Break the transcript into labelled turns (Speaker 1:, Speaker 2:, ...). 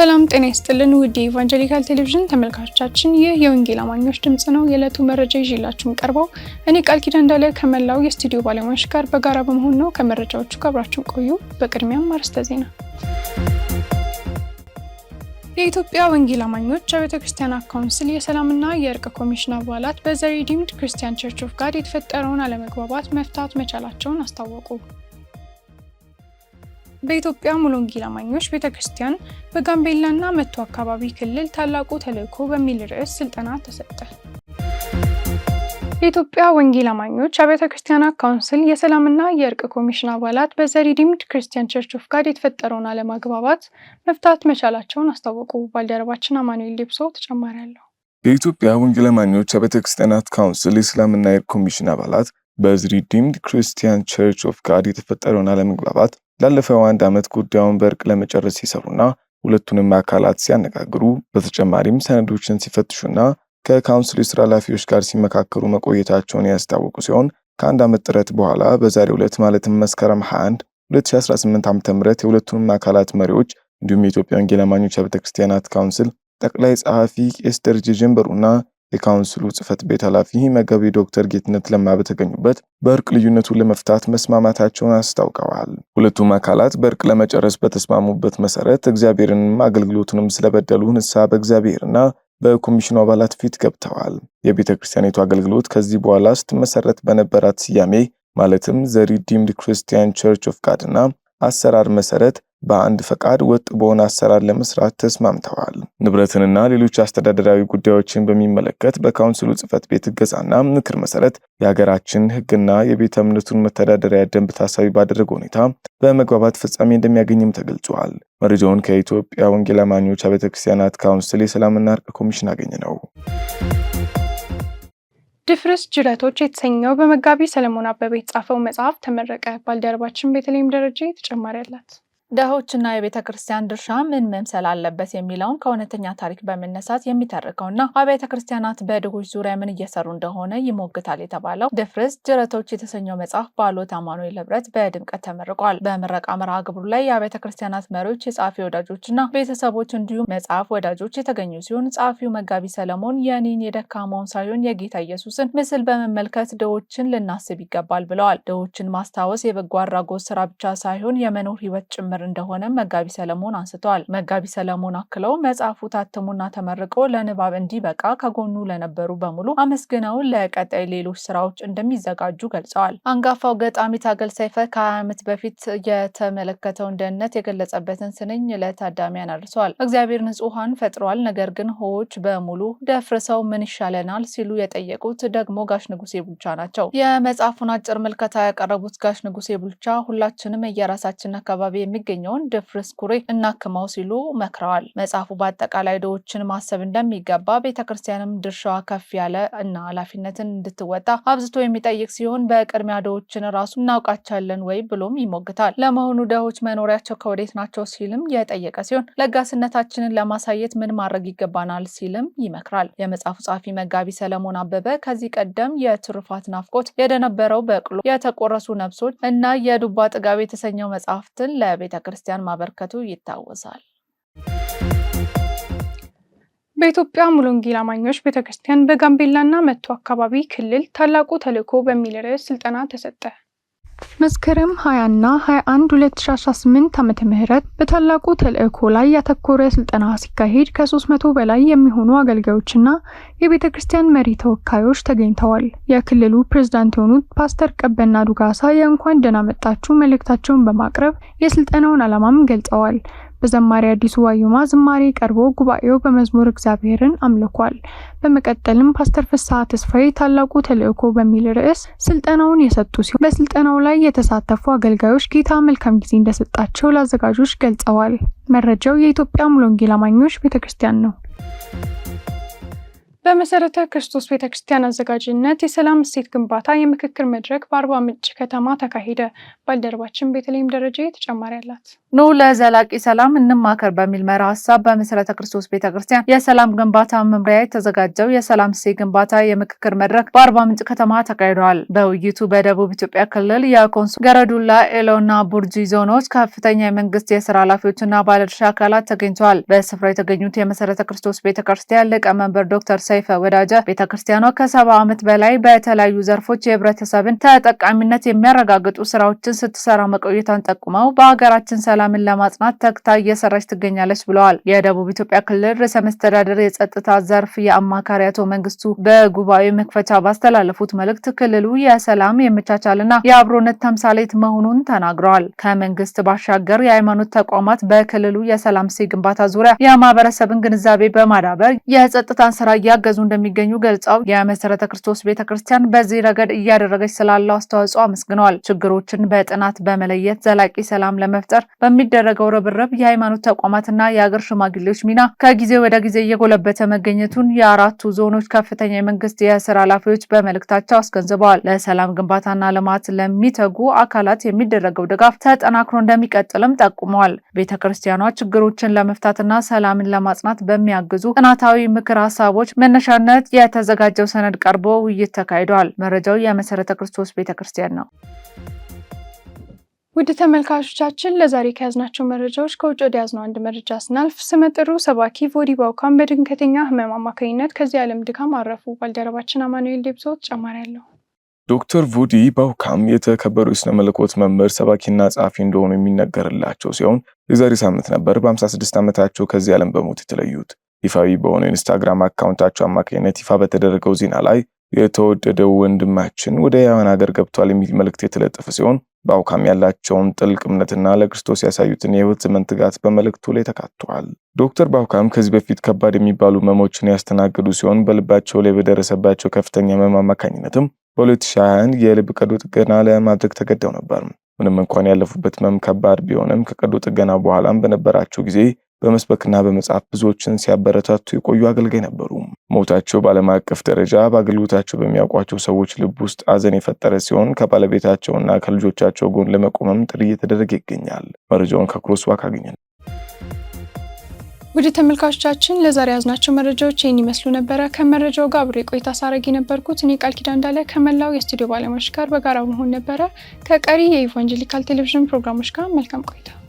Speaker 1: ሰላም ጤና ይስጥልን ውድ የኢቫንጀሊካል ቴሌቪዥን ተመልካቾቻችን፣ ይህ የወንጌል አማኞች ድምጽ ነው። የዕለቱ መረጃ ይዤላችሁም ቀርበው እኔ ቃል ኪዳን እንዳለ ከመላው የስቱዲዮ ባለሙያዎች ጋር በጋራ በመሆን ነው። ከመረጃዎቹ ጋር አብራችሁን ቆዩ። በቅድሚያም አርዕስተ ዜና የኢትዮጵያ ወንጌል አማኞች አብያተ ክርስቲያናት ካውንስል የሰላምና የእርቅ ኮሚሽን አባላት በዘ ክርስቲያን ቸርች ኦፍ ጋድ የተፈጠረውን አለመግባባት መፍታት መቻላቸውን አስታወቁ። በኢትዮጵያ ሙሉ ወንጌል አማኞች ቤተክርስቲያን በጋምቤላና መቶ አካባቢ ክልል ታላቁ ተልዕኮ በሚል ርዕስ ስልጠና ተሰጠ። የኢትዮጵያ ወንጌል አማኞች አብያተ ክርስቲያናት ካውንስል የሰላምና የእርቅ ኮሚሽን አባላት በዘሪዲምድ ክርስቲያን ቸርች ኦፍ ጋድ የተፈጠረውን አለመግባባት መፍታት መቻላቸውን አስታወቁ። ባልደረባችን አማኑኤል ሌብሶ ተጨማሪ አለው።
Speaker 2: የኢትዮጵያ ወንጌል አማኞች አብያተ ክርስቲያናት ካውንስል የሰላምና የእርቅ ኮሚሽን አባላት በዘሪዲምድ ክርስቲያን ቸርች ኦፍ ጋድ የተፈጠረውን አለመግባባት ላለፈው አንድ ዓመት ጉዳዩን በእርቅ ለመጨረስ ሲሰሩና ሁለቱንም አካላት ሲያነጋግሩ በተጨማሪም ሰነዶችን ሲፈትሹና ከካውንስሉ የስራ ኃላፊዎች ጋር ሲመካከሩ መቆየታቸውን ያስታወቁ ሲሆን ከአንድ ዓመት ጥረት በኋላ በዛሬው ዕለት ማለትም መስከረም 21 2018 ዓ ም የሁለቱንም አካላት መሪዎች እንዲሁም የኢትዮጵያ ወንጌል አማኞች ቤተክርስቲያናት ካውንስል ጠቅላይ ጸሐፊ ቄስ ደረጀ ጀንበሩና የካውንስሉ ጽህፈት ቤት ኃላፊ መጋቢ ዶክተር ጌትነት ለማ በተገኙበት በእርቅ ልዩነቱ ለመፍታት መስማማታቸውን አስታውቀዋል። ሁለቱም አካላት በእርቅ ለመጨረስ በተስማሙበት መሰረት እግዚአብሔርንም አገልግሎቱንም ስለበደሉ ንስሐ በእግዚአብሔርና በኮሚሽኑ አባላት ፊት ገብተዋል። የቤተ ክርስቲያኒቱ አገልግሎት ከዚህ በኋላ ስትመሰረት በነበራት ስያሜ ማለትም ዘ ሪዲምድ ክርስቲያን ቸርች ኦፍ ጋድና አሰራር መሰረት በአንድ ፈቃድ ወጥ በሆነ አሰራር ለመስራት ተስማምተዋል። ንብረትንና ሌሎች አስተዳደራዊ ጉዳዮችን በሚመለከት በካውንስሉ ጽህፈት ቤት እገዛና ምክር መሰረት የሀገራችን ህግና የቤተ እምነቱን መተዳደሪያ ደንብ ታሳቢ ባደረገ ሁኔታ በመግባባት ፍጻሜ እንደሚያገኝም ተገልጿል። መረጃውን ከኢትዮጵያ ወንጌል አማኞች አብያተ ክርስቲያናት ካውንስል የሰላምና እርቅ ኮሚሽን አገኘ ነው።
Speaker 1: ድፍርስ ጅረቶች የተሰኘው በመጋቢ ሰለሞን አበበ የተጻፈው መጽሐፍ ተመረቀ። ባልደረባችን በተለይም ደረጃ ተጨማሪ አላት። ደሆችና የቤተ ክርስቲያን ድርሻ ምን መምሰል አለበት የሚለውን ከእውነተኛ ታሪክ በመነሳት የሚተርከውና አብያተ ክርስቲያናት በድሆች ዙሪያ ምን እየሰሩ እንደሆነ ይሞግታል የተባለው ድፍርስ ጅረቶች የተሰኘው መጽሐፍ በአሎት አማኑኤል ህብረት በድምቀት ተመርቋል። በምረቃ መርሃ ግብሩ ላይ የአብያተ ክርስቲያናት መሪዎች፣ የጸሐፊ ወዳጆችና ቤተሰቦች እንዲሁም መጽሐፍ ወዳጆች የተገኙ ሲሆን ጸሐፊው መጋቢ ሰለሞን የእኔን የደካማውን ሳይሆን የጌታ ኢየሱስን ምስል በመመልከት ድሆችን ልናስብ ይገባል ብለዋል። ድሆችን ማስታወስ የበጎ አድራጎት ስራ ብቻ ሳይሆን የመኖር ህይወት ጭምር ጭምር እንደሆነ መጋቢ ሰለሞን አንስተዋል። መጋቢ ሰለሞን አክለው መጽሐፉ ታትሙና ተመርቆ ለንባብ እንዲበቃ ከጎኑ ለነበሩ በሙሉ አመስግነውን ለቀጣይ ሌሎች ስራዎች እንደሚዘጋጁ ገልጸዋል። አንጋፋው ገጣሚ ታገል ሰይፈ ከሀያ ዓመት በፊት የተመለከተውን ደህንነት የገለጸበትን ስንኝ ለታዳሚያን አድርሰዋል። እግዚአብሔር ንጹሐን ፈጥሯል፣ ነገር ግን ሆዎች በሙሉ ደፍርሰው ምን ይሻለናል ሲሉ የጠየቁት ደግሞ ጋሽ ንጉሴ ቡልቻ ናቸው። የመጽሐፉን አጭር ምልከታ ያቀረቡት ጋሽ ንጉሴ ቡልቻ ሁላችንም የራሳችን አካባቢ የሚገ የሚገኘውን ድፍርስ ኩሬ እናክመው ሲሉ መክረዋል። መጽሐፉ በአጠቃላይ ድሆችን ማሰብ እንደሚገባ ቤተ ክርስቲያንም ድርሻዋ ከፍ ያለ እና ኃላፊነትን እንድትወጣ አብዝቶ የሚጠይቅ ሲሆን በቅድሚያ ድሆችን ራሱ እናውቃቸዋለን ወይ ብሎም ይሞግታል። ለመሆኑ ድሆች መኖሪያቸው ከወዴት ናቸው ሲልም የጠየቀ ሲሆን ለጋስነታችንን ለማሳየት ምን ማድረግ ይገባናል ሲልም ይመክራል። የመጽሐፉ ጸሐፊ መጋቢ ሰለሞን አበበ ከዚህ ቀደም የትሩፋት ናፍቆት የደነበረው በቅሎ፣ የተቆረሱ ነብሶች እና የዱባ ጥጋብ የተሰኘው መጽሐፍትን ለቤተ ክርስቲያን ማበርከቱ ይታወሳል። በኢትዮጵያ ሙሉ ወንጌል አማኞች ቤተ በጋምቤላና መቶ አካባቢ ክልል ታላቁ ተልዕኮ በሚል ርዕስ ስልጠና ተሰጠ። መስከረም 20 እና 21 2018 ዓመተ ምህረት በታላቁ ተልእኮ ላይ ያተኮረ ስልጠና ሲካሄድ ከ300 በላይ የሚሆኑ አገልጋዮችና የቤተ ክርስቲያን መሪ ተወካዮች ተገኝተዋል። የክልሉ ፕሬዝዳንት የሆኑት ፓስተር ቀበና ዱጋሳ የእንኳን ደህና መጣችሁ መልእክታቸውን በማቅረብ የስልጠናውን ዓላማም ገልጸዋል። በዘማሪ አዲሱ ዋዩማ ዝማሬ ቀርቦ ጉባኤው በመዝሙር እግዚአብሔርን አምልኳል። በመቀጠልም ፓስተር ፍስሐ ተስፋዬ ታላቁ ተልእኮ በሚል ርዕስ ስልጠናውን የሰጡ ሲሆን በስልጠናው ላይ የተሳተፉ አገልጋዮች ጌታ መልካም ጊዜ እንደሰጣቸው ለአዘጋጆች ገልጸዋል። መረጃው የኢትዮጵያ ሙሉ ወንጌል አማኞች ቤተክርስቲያን ነው። በመሰረተ ክርስቶስ ቤተ ክርስቲያን አዘጋጅነት የሰላም እሴት ግንባታ የምክክር መድረክ በአርባ ምንጭ ከተማ ተካሄደ። ባልደረባችን ቤተልሔም ደረጀ ተጨማሪ አላት። ኑ ለዘላቂ ሰላም እንማከር በሚል መራ ሀሳብ በመሰረተ ክርስቶስ ቤተ ክርስቲያን የሰላም ግንባታ መምሪያ የተዘጋጀው የሰላም እሴት ግንባታ የምክክር መድረክ በአርባ ምንጭ ከተማ ተካሂደዋል። በውይይቱ በደቡብ ኢትዮጵያ ክልል የኮንሶ ገረዱላ፣ ኤሎና ቡርጂ ዞኖች ከፍተኛ የመንግስት የስራ ኃላፊዎችና ባለድርሻ አካላት ተገኝተዋል። በስፍራ የተገኙት የመሰረተ ክርስቶስ ቤተ ክርስቲያን ሊቀመንበር ዶክተር ሰይፈ ወዳጀ ቤተ ክርስቲያኗ ከሰባ ዓመት በላይ በተለያዩ ዘርፎች የህብረተሰብን ተጠቃሚነት የሚያረጋግጡ ስራዎችን ስትሰራ መቆየቷን ጠቁመው በሀገራችን ሰላምን ለማጽናት ተግታ እየሰራች ትገኛለች ብለዋል። የደቡብ ኢትዮጵያ ክልል ርዕሰ መስተዳደር የጸጥታ ዘርፍ የአማካሪ አቶ መንግስቱ በጉባኤ መክፈቻ ባስተላለፉት መልእክት ክልሉ የሰላም የመቻቻልና የአብሮነት ተምሳሌት መሆኑን ተናግረዋል። ከመንግስት ባሻገር የሃይማኖት ተቋማት በክልሉ የሰላም ሴ ግንባታ ዙሪያ የማህበረሰብን ግንዛቤ በማዳበር የጸጥታን ስራ እያ እያገዙ እንደሚገኙ ገልጸው የመሰረተ ክርስቶስ ቤተ ክርስቲያን በዚህ ረገድ እያደረገች ስላለው አስተዋጽኦ አመስግነዋል። ችግሮችን በጥናት በመለየት ዘላቂ ሰላም ለመፍጠር በሚደረገው ርብርብ የሃይማኖት ተቋማትና የአገር ሽማግሌዎች ሚና ከጊዜ ወደ ጊዜ እየጎለበተ መገኘቱን የአራቱ ዞኖች ከፍተኛ የመንግስት የስራ ኃላፊዎች በመልእክታቸው አስገንዝበዋል። ለሰላም ግንባታና ልማት ለሚተጉ አካላት የሚደረገው ድጋፍ ተጠናክሮ እንደሚቀጥልም ጠቁመዋል። ቤተ ክርስቲያኗ ችግሮችን ለመፍታትና ሰላምን ለማጽናት በሚያግዙ ጥናታዊ ምክር ሀሳቦች መነሻነት የተዘጋጀው ሰነድ ቀርቦ ውይይት ተካሂደዋል። መረጃው የመሰረተ ክርስቶስ ቤተ ክርስቲያን ነው። ውድ ተመልካቾቻችን ለዛሬ ከያዝናቸው መረጃዎች ከውጭ ወደ ያዝነው አንድ መረጃ ስናልፍ ስመጥሩ ሰባኪ ቮዲ ባውካም በድንገተኛ ህመም አማካኝነት ከዚህ ዓለም ድካም አረፉ። ባልደረባችን አማኑኤል ዴብሶ ጨማሪ ያለው
Speaker 2: ዶክተር ቮዲ ባውካም የተከበሩ የስነ መለኮት መምህር ሰባኪና ጸሐፊ እንደሆኑ የሚነገርላቸው ሲሆን የዛሬ ሳምንት ነበር በ56 ዓመታቸው ከዚህ ዓለም በሞት የተለዩት። ይፋዊ በሆነ ኢንስታግራም አካውንታቸው አማካኝነት ይፋ በተደረገው ዜና ላይ የተወደደው ወንድማችን ወደ ሕያዋን ሀገር ገብቷል የሚል መልእክት የተለጠፈ ሲሆን በአውካም ያላቸውን ጥልቅ እምነትና ለክርስቶስ ያሳዩትን የህይወት ዘመን ትጋት በመልእክቱ ላይ ተካቷል። ዶክተር ባውካም ከዚህ በፊት ከባድ የሚባሉ ህመሞችን ያስተናገዱ ሲሆን በልባቸው ላይ በደረሰባቸው ከፍተኛ ህመም አማካኝነትም በ2021 የልብ ቀዶ ጥገና ለማድረግ ተገደው ነበር። ምንም እንኳን ያለፉበት ህመም ከባድ ቢሆንም ከቀዶ ጥገና በኋላም በነበራቸው ጊዜ በመስበክና በመጻፍ ብዙዎችን ሲያበረታቱ የቆዩ አገልጋይ ነበሩ። ሞታቸው በዓለም አቀፍ ደረጃ በአገልግሎታቸው በሚያውቋቸው ሰዎች ልብ ውስጥ አዘን የፈጠረ ሲሆን ከባለቤታቸውና ከልጆቻቸው ጎን ለመቆመም ጥሪ እየተደረገ ይገኛል። መረጃውን ከክሮስዋክ አገኘን።
Speaker 1: ውድ ተመልካቾቻችን ለዛሬ ያዝናቸው መረጃዎች ይህን ይመስሉ ነበረ። ከመረጃው ጋር አብሬ ቆይታ ሳረግ የነበርኩት እኔ ቃል ኪዳ እንዳለ ከመላው የስቱዲዮ ባለሙያዎች ጋር በጋራ መሆን ነበረ። ከቀሪ የኢቫንጀሊካል ቴሌቪዥን ፕሮግራሞች ጋር መልካም ቆይታ